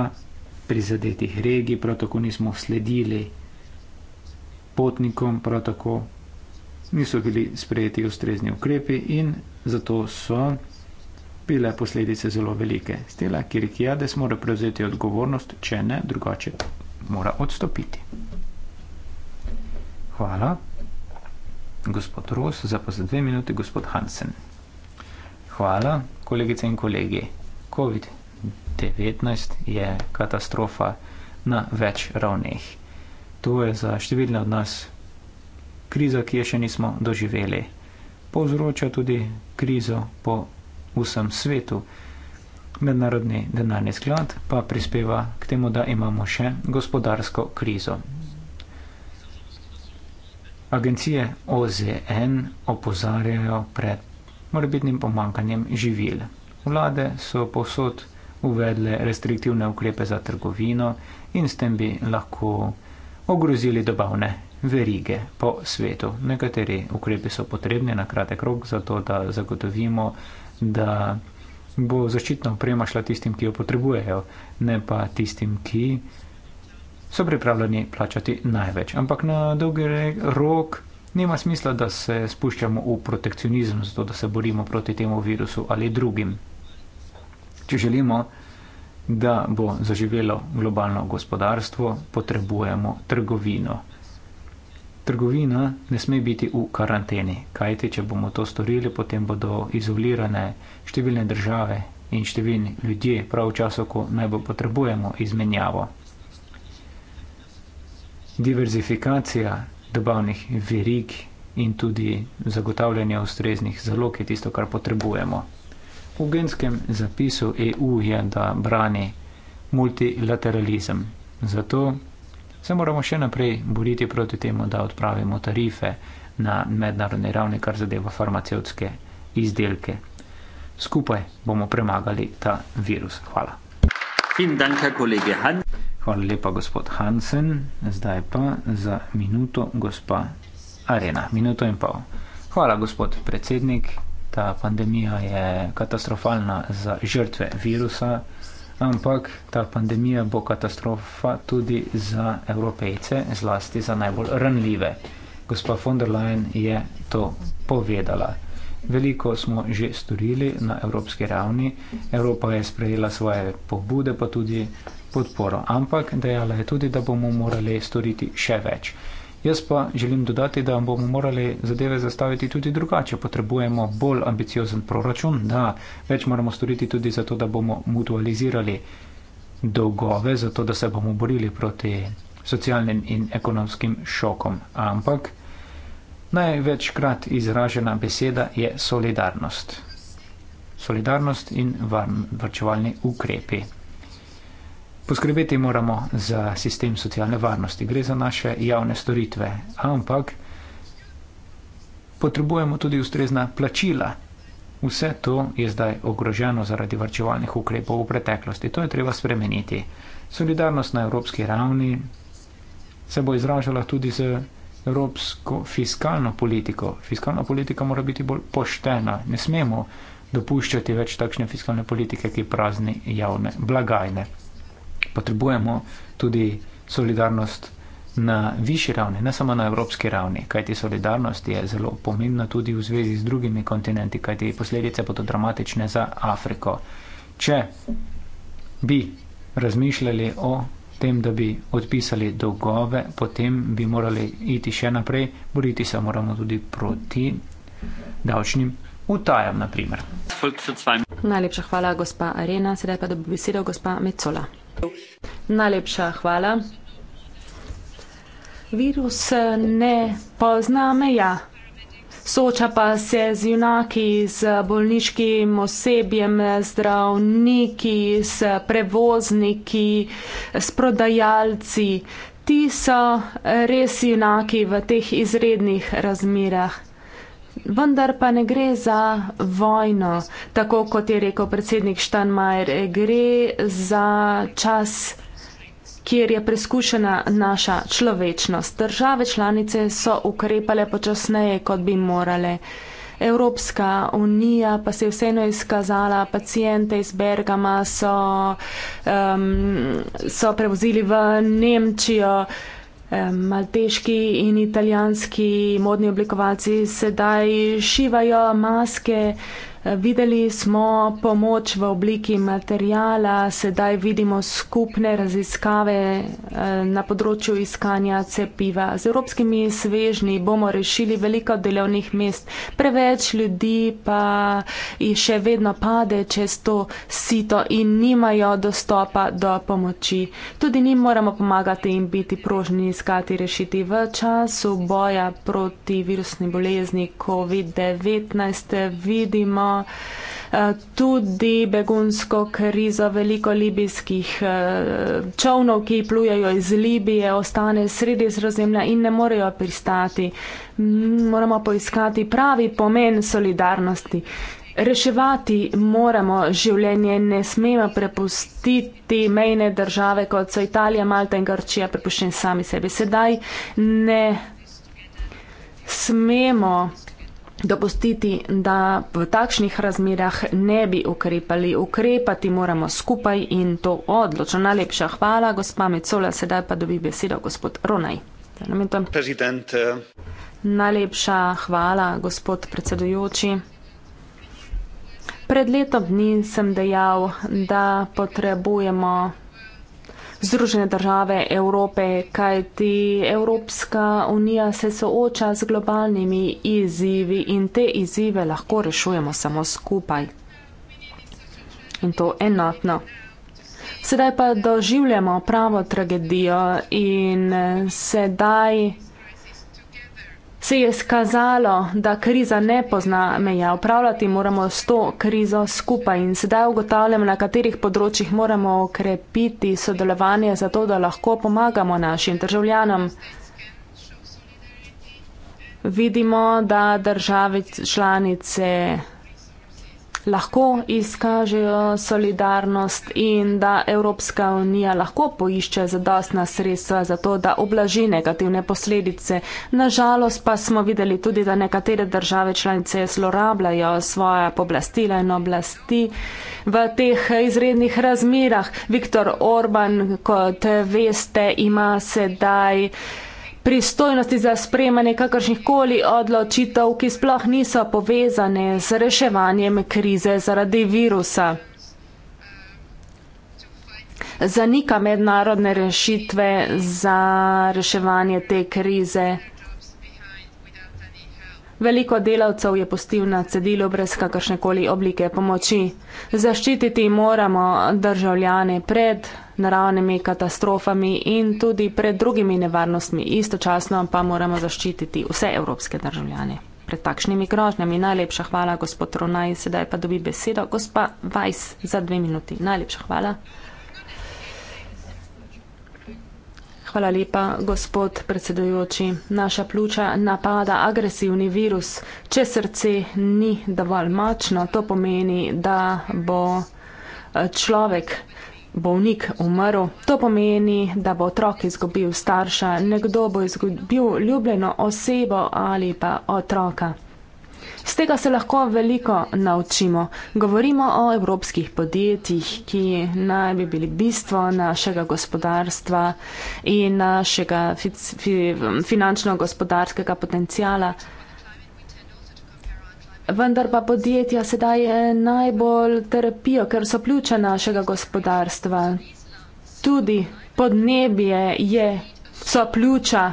prizadetih regij, prav tako nismo sledili potnikom, prav tako niso bili sprejeti ustrezni ukrepi in zato so bile posledice zelo velike. Stela Kirikijades mora prevzeti odgovornost, če ne, drugače mora odstopiti. Hvala. Gospod Ros, za pa za dve minuti gospod Hansen. Hvala, kolegice in kolegi. COVID-19 devetnajst je katastrofa na več ravneh. To je za številne od nas kriza, ki je še nismo doživeli. Povzroča tudi krizo po vsem svetu. Mednarodni denarni sklad pa prispeva k temu, da imamo še gospodarsko krizo. Agencije OZN opozarjajo pred morbitnim pomankanjem živil. Vlade so posod uvedle restriktivne ukrepe za trgovino in s tem bi lahko ogrozili dobavne verige po svetu. Nekateri ukrepi so potrebni na kratek rok, zato da zagotovimo, da bo zaščitna oprema šla tistim, ki jo potrebujejo, ne pa tistim, ki so pripravljeni plačati največ. Ampak na dolgi rok nima smisla, da se spuščamo v protekcionizem, zato da se borimo proti temu virusu ali drugim. Če želimo, da bo zaživelo globalno gospodarstvo, potrebujemo trgovino. Trgovina ne sme biti v karanteni, kajti če bomo to storili, potem bodo izolirane številne države in številni ljudje prav v času, ko najbolj potrebujemo izmenjavo. Diverzifikacija dobavnih verig in tudi zagotavljanje ustreznih zalog je tisto, kar potrebujemo. V genskem zapisu EU je, da brani multilateralizem. Zato se moramo še naprej boriti proti temu, da odpravimo tarife na mednarodni ravni, kar zadeva farmacevtske izdelke. Skupaj bomo premagali ta virus. Hvala. Hvala lepa, gospod Hansen. Zdaj pa za minuto, gospa Arena. Minuto in pol. Hvala, gospod predsednik ta pandemija je katastrofalna za žrtve virusa, ampak ta pandemija bo katastrofa tudi za evropejce, zlasti za najbolj ranljive. Gospa von der Leyen je to povedala. Veliko smo že storili na evropski ravni, Evropa je sprejela svoje pobude, pa tudi podporo, ampak dejala je tudi, da bomo morali storiti še več. Jaz pa želim dodati, da bomo morali zadeve zastaviti tudi drugače. Potrebujemo bolj ambiciozen proračun, da več moramo storiti tudi za to, da bomo mutualizirali dolgove, za to, da se bomo borili proti socialnim in ekonomskim šokom. Ampak največkrat izražena beseda je solidarnost. Solidarnost in varčevalni ukrepi. Poskrbeti moramo za sistem socialne varnosti, gre za naše javne storitve, ampak potrebujemo tudi ustrezna plačila. Vse to je zdaj ogroženo zaradi varčevalnih ukrepov v preteklosti. To je treba spremeniti. Solidarnost na evropski ravni se bo izražala tudi z evropsko fiskalno politiko. Fiskalna politika mora biti bolj poštena. Ne smemo dopuščati več takšne fiskalne politike, ki prazni javne blagajne potrebujemo tudi solidarnost na višji ravni, ne samo na evropski ravni, kajti solidarnost je zelo pomembna tudi v zvezi z drugimi kontinenti, kajti posledice bodo dramatične za Afriko. Če bi razmišljali o tem, da bi odpisali dolgove, potem bi morali iti še naprej, boriti se moramo tudi proti davčnim utajam, naprimer. Najlepša hvala, gospa Arena, sedaj pa dobi besedo gospa Mecola rešitev. Najlepša hvala. Virus ne pozna meja. Soča pa se z junaki, z bolniškim osebjem, zdravniki, s prevozniki, s prodajalci. Ti so res junaki v teh izrednih razmerah vendar pa ne gre za vojno, tako kot je rekel predsednik Štanmajer, gre za čas, kjer je preskušena naša človečnost. Države članice so ukrepale počasneje, kot bi morale. Evropska unija pa se je vseeno izkazala, pacijente iz Bergama so, um, so prevozili v Nemčijo. Malteški in italijanski modni oblikovalci sedaj šivajo maske, Videli smo pomoč v obliki materijala, sedaj vidimo skupne raziskave eh, na področju iskanja cepiva. Z evropskimi svežnji bomo rešili veliko delovnih mest, preveč ljudi pa še vedno pade čez to sito in nimajo dostopa do pomoči. Tudi njim moramo pomagati in biti prožni iskati rešiti v času boja proti virusni bolezni COVID-19. Vidimo Eh, tudi begunsko krizo. Veliko libijskih eh, čovnov, ki plujejo iz Libije, ostane sredi sredozemlja in ne morejo pristati. Moramo poiskati pravi pomen solidarnosti. Reševati moramo življenje, ne smemo prepustiti mejne države, kot so Italija, Malta in Grčija, prepuščeni sami sebi. Sedaj ne smemo dopustiti, da v takšnih razmerah ne bi ukrepali. Ukrepati moramo skupaj in to odločno. Najlepša hvala, gospa Mecola, sedaj pa dobi besedo gospod Ronaj. Eh. Najlepša hvala, gospod predsedujoči. Pred letom dni sem dejal, da potrebujemo Združene države Evrope, kajti Evropska unija se sooča z globalnimi izzivi in te izzive lahko rešujemo samo skupaj. In to enotno. Sedaj pa doživljamo pravo tragedijo in eh, sedaj se je skazalo, da kriza ne pozna meja. Upravljati moramo s to krizo skupaj in sedaj ugotavljamo, na katerih področjih moramo okrepiti sodelovanje, zato da lahko pomagamo našim državljanom. Vidimo, da države članice lahko izkažejo solidarnost in da Evropska unija lahko poišče zadostna sredstva za to, da oblaži negativne posledice. Nažalost pa smo videli tudi, da nekatere države članice zlorabljajo svoja poblastila in oblasti v teh izrednih razmirah. Viktor Orban, kot veste, ima sedaj pristojnosti za sprejmanje kakršnih koli odločitev, ki sploh niso povezane z reševanjem krize zaradi virusa. Zanika mednarodne rešitve za reševanje te krize. Veliko delavcev je postil na cedilu brez kakršne koli oblike pomoči. Zaščititi moramo državljane pred naravnimi katastrofami in tudi pred drugimi nevarnostmi. Istočasno pa moramo zaščititi vse evropske državljane pred takšnimi grožnjami. Najlepša hvala, gospod Ronaj. Sedaj pa dobi besedo gospa Vajs za dve minuti. Najlepša hvala. Hvala lepa, gospod predsedujoči. Naša pljuča napada agresivni virus. Če srce ni dovolj močno, to pomeni, da bo eh, človek, bolnik umrl. To pomeni, da bo otrok izgubil starša, nekdo bo izgubil ljubljeno osebo ali pa otroka. Z tega se lahko veliko naučimo. Govorimo o evropskih podjetjih, ki naj bi bili bistvo našega gospodarstva in našega fi fi finančno-gospodarskega potencijala. Vendar pa podjetja sedaj eh, najbolj trpijo, ker so ključe našega gospodarstva. Tudi podnebje je, so ključa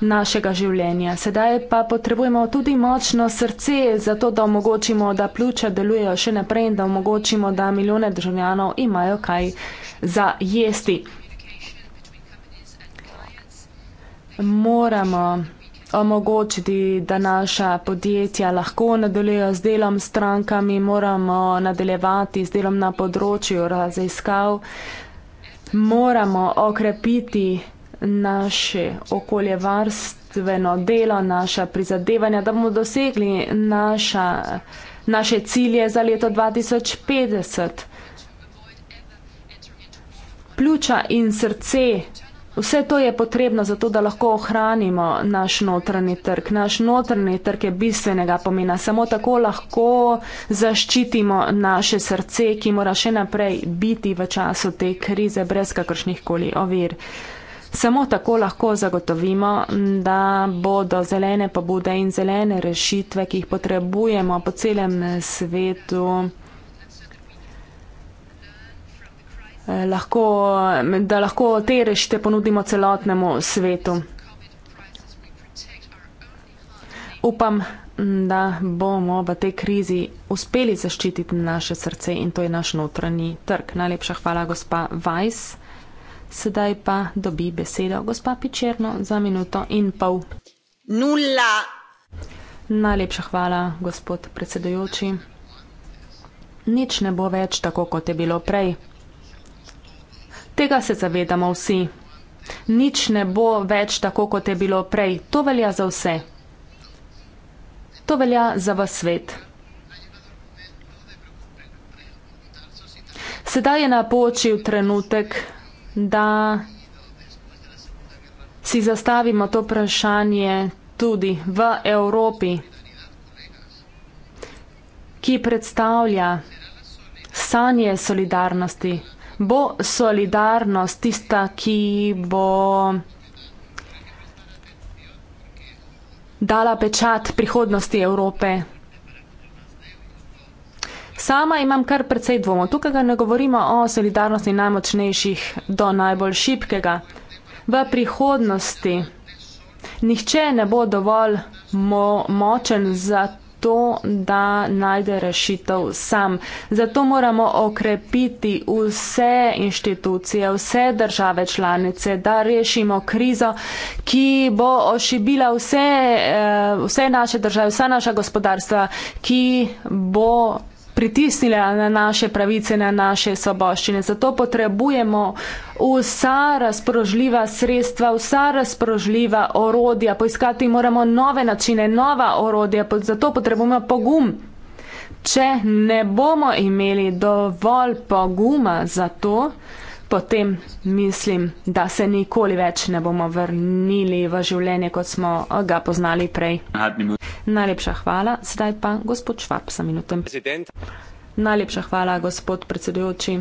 našega življenja. Sedaj pa potrebujemo tudi močno srce, zato da omogočimo, da pljuča delujejo še naprej in da omogočimo, da milijone državljanov imajo kaj za jesti. Moramo omogočiti, da naša podjetja lahko nadaljujejo z delom strankami, moramo nadaljevati z delom na področju raziskav, moramo okrepiti naše okoljevarstveno delo, naša prizadevanja, da bomo dosegli naša, naše cilje za leto 2050. Pljuča in srce, vse to je potrebno zato, da lahko ohranimo naš notranji trg. Naš notranji trg je bistvenega pomena. Samo tako lahko zaščitimo naše srce, ki mora še naprej biti v času te krize brez kakršnih koli ovir. Oh, Samo tako lahko zagotovimo, da bodo zelene pobude in zelene rešitve, ki jih potrebujemo po celem svetu, lahko, da lahko te rešitve ponudimo celotnemu svetu. Upam, da bomo v tej krizi uspeli zaščititi naše srce in to je naš notranji trg. Najlepša hvala, gospa Weiss. Sedaj pa dobi besedo gospa Pičerno za minuto in pol. Nula. Najlepša hvala, gospod predsedujoči. Nič ne bo več tako, kot je bilo prej. Tega se zavedamo vsi. Nič ne bo več tako, kot je bilo prej. To velja za vse. To velja za vas svet. Sedaj je napočil trenutek, da si zastavimo to vprašanje tudi v Evropi, ki predstavlja sanje solidarnosti. Bo solidarnost tista, ki bo dala pečat prihodnosti Evrope? Sama imam kar precej dvomov. Tukaj ne govorimo o solidarnosti najmočnejših do najbolj šibkega. V prihodnosti nihče ne bo dovolj mo močen za to, da najde rešitev sam. Zato moramo okrepiti vse inštitucije, vse države članice, da rešimo krizo, ki bo ošibila vse, eh, vse naše države, vsa naša gospodarstva, ki bo pritisnile na naše pravice, na naše svoboščine. Zato potrebujemo vsa razpoložljiva sredstva, vsa razpoložljiva orodja, poiskati moramo nove načine, nova orodja, zato potrebujemo pogum. Če ne bomo imeli dovolj poguma za to, potem mislim, da se nikoli več ne bomo vrnili v življenje, kot smo ga poznali prej. Najlepša hvala, sedaj pa gospod Švab za minuto. Najlepša hvala, gospod predsedujoči,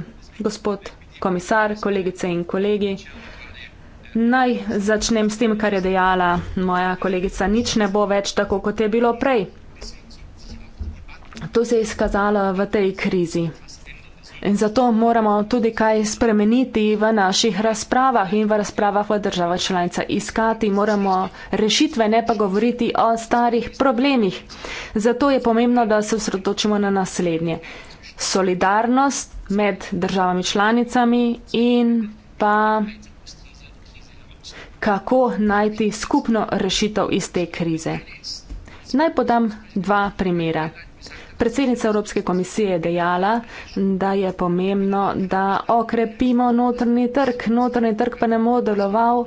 gospod komisar, kolegice in kolegi. Naj začnem s tem, kar je dejala moja kolegica. Nič ne bo več tako, kot je bilo prej. To se je izkazalo v tej krizi. In zato moramo tudi kaj spremeniti v naših razpravah in v razpravah v država članica. Iskati moramo rešitve, ne pa govoriti o starih problemih. Zato je pomembno, da se osredotočimo na naslednje. Solidarnost med državami članicami in pa kako najti skupno rešitev iz te krize. Naj podam dva primera predsednica Evropske komisije dejala, da je pomembno, da okrepimo notrni trg. Notrni trg pa ne bo deloval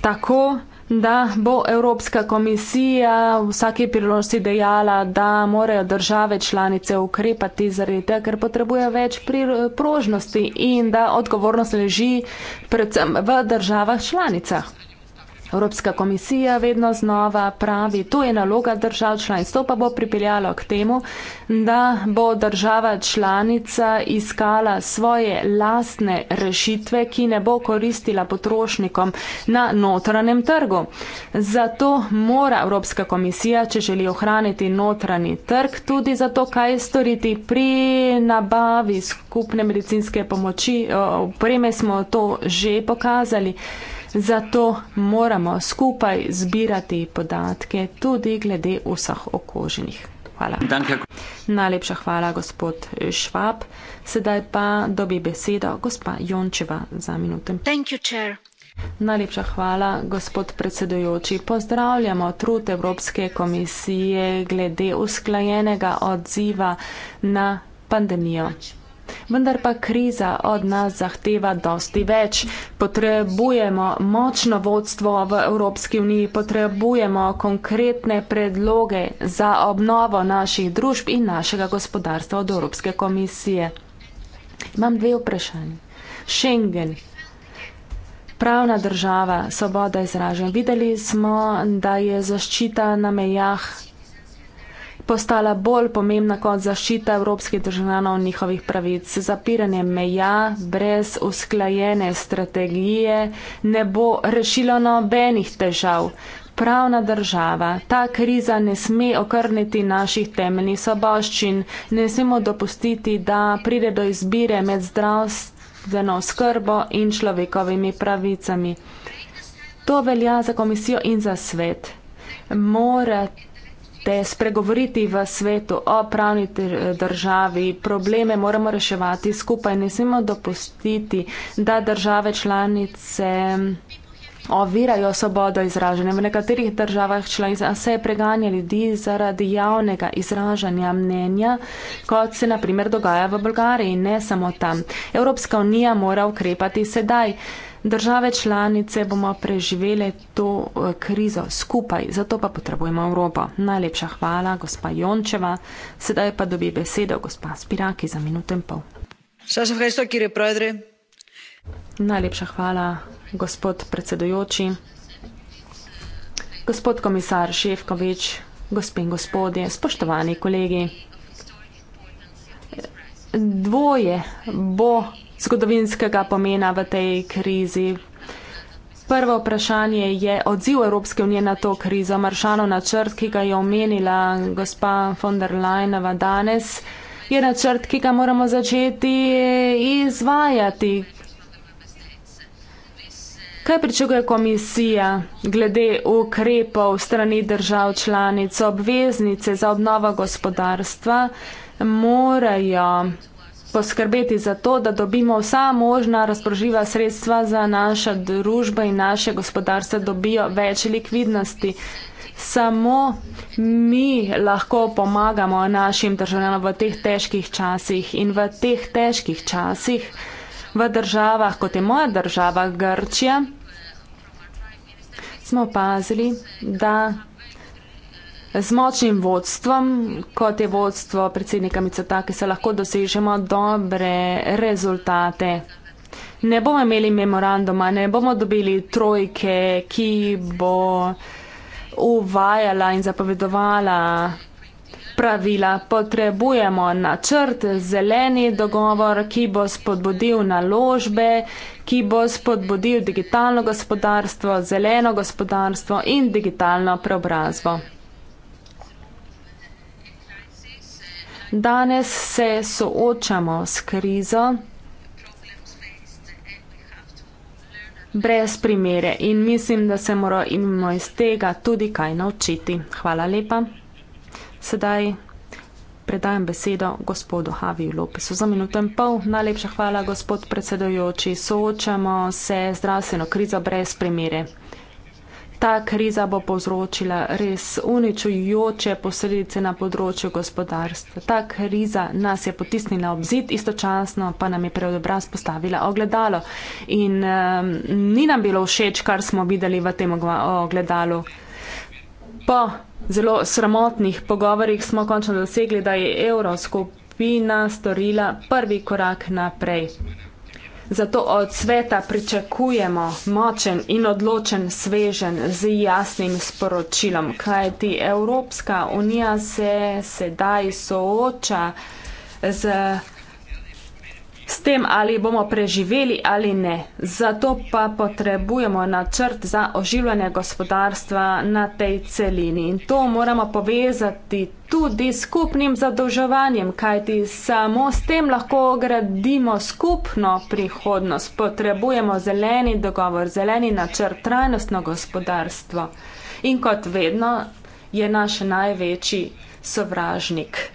tako, da bo Evropska komisija v vsaki priložnosti dejala, da morajo države članice ukrepati zaradi tega, ker potrebuje več prožnosti in da odgovornost leži predvsem v državah članicah. Evropska komisija vedno znova pravi, to je naloga držav članic, to pa bo pripeljalo k temu, da bo država članica iskala svoje lastne rešitve, ki ne bo koristila potrošnikom na notranjem trgu. Zato mora Evropska komisija, če želi ohraniti notranji trg, tudi za to, kaj storiti pri nabavi skupne medicinske pomoči. Prej smo to že pokazali. Zato moramo skupaj zbirati podatke tudi glede vseh okoženih. Hvala. Najlepša hvala, gospod Švab. Sedaj pa dobi besedo gospa Jončeva za minuto. Najlepša hvala, gospod predsedujoči. Pozdravljamo trud Evropske komisije glede usklajenega odziva na pandemijo. Vendar pa kriza od nas zahteva dosti več. Potrebujemo močno vodstvo v Evropski uniji, potrebujemo konkretne predloge za obnovo naših družb in našega gospodarstva od Evropske komisije. Imam dve vprašanje. Schengen. Pravna država, svoboda izražanja. Videli smo, da je zaščita na mejah postala bolj pomembna kot zašita evropskih državljanov in njihovih pravic. Zapiranje meja brez usklajene strategije ne bo rešilo nobenih težav. Pravna država, ta kriza ne sme okrniti naših temeljnih soboščin, ne smemo dopustiti, da pride do izbire med zdravstveno skrbo in človekovimi pravicami. To velja za komisijo in za svet. Morate te spregovoriti v svetu o pravni državi, probleme moramo reševati skupaj, ne smemo dopustiti, da države članice ovirajo svobodo izražanja. V nekaterih državah članica se je preganja ljudi zaradi javnega izražanja mnenja, kot se naprimer dogaja v Bolgariji, ne samo tam. Evropska unija mora ukrepati sedaj. Države članice bomo preživele to eh, krizo skupaj, zato pa potrebujemo Evropo. Najlepša hvala, gospa Jončeva. Sedaj pa dobi besedo gospa Spiraki za minuto in pol. Najlepša hvala, gospod predsedujoči, gospod komisar Šefkovič, gospe in gospodje, spoštovani kolegi. Dvoje bo zgodovinskega pomena v tej krizi. Prvo vprašanje je odziv Evropske unije na to krizo. Maršano načrt, ki ga je omenila gospa von der Leinova danes, je načrt, ki ga moramo začeti izvajati. Kaj pričakuje komisija glede ukrepov strani držav članic? Obveznice za obnovo gospodarstva morajo poskrbeti za to, da dobimo vsa možna razpoložljiva sredstva za naša družba in naše gospodarstvo, dobijo več likvidnosti. Samo mi lahko pomagamo našim državljanom v teh težkih časih in v teh težkih časih v državah, kot je moja država Grčija, smo opazili, da z močnim vodstvom, kot je vodstvo predsednika Micotake, se lahko dosežemo dobre rezultate. Ne bomo imeli memoranduma, ne bomo dobili trojke, ki bo uvajala in zapovedovala pravila. Potrebujemo načrt, zeleni dogovor, ki bo spodbudil naložbe, ki bo spodbudil digitalno gospodarstvo, zeleno gospodarstvo in digitalno preobrazbo. Danes se soočamo s krizo brez primere in mislim, da se moramo iz tega tudi kaj naučiti. Hvala lepa. Sedaj predajam besedo gospodu Haviju Lopesu. Za minuto in pol najlepša hvala, gospod predsedojoči. Soočamo se zdravstveno krizo brez primere. Ta kriza bo povzročila res uničujoče posledice na področju gospodarstva. Ta kriza nas je potisnila ob zid, istočasno pa nam je preobraz postavila ogledalo. In um, ni nam bilo všeč, kar smo videli v tem ogledalu. Po zelo sramotnih pogovorjih smo končno dosegli, da je evroskupina storila prvi korak naprej. Zato od sveta pričakujemo močen in odločen svežen z jasnim sporočilom, kaj ti Evropska unija se sedaj sooča z s tem, ali bomo preživeli ali ne. Zato pa potrebujemo načrt za oživljanje gospodarstva na tej celini in to moramo povezati tudi s skupnim zadolževanjem, kajti samo s tem lahko gradimo skupno prihodnost. Potrebujemo zeleni dogovor, zeleni načrt, trajnostno gospodarstvo. In kot vedno je naš največji sovražnik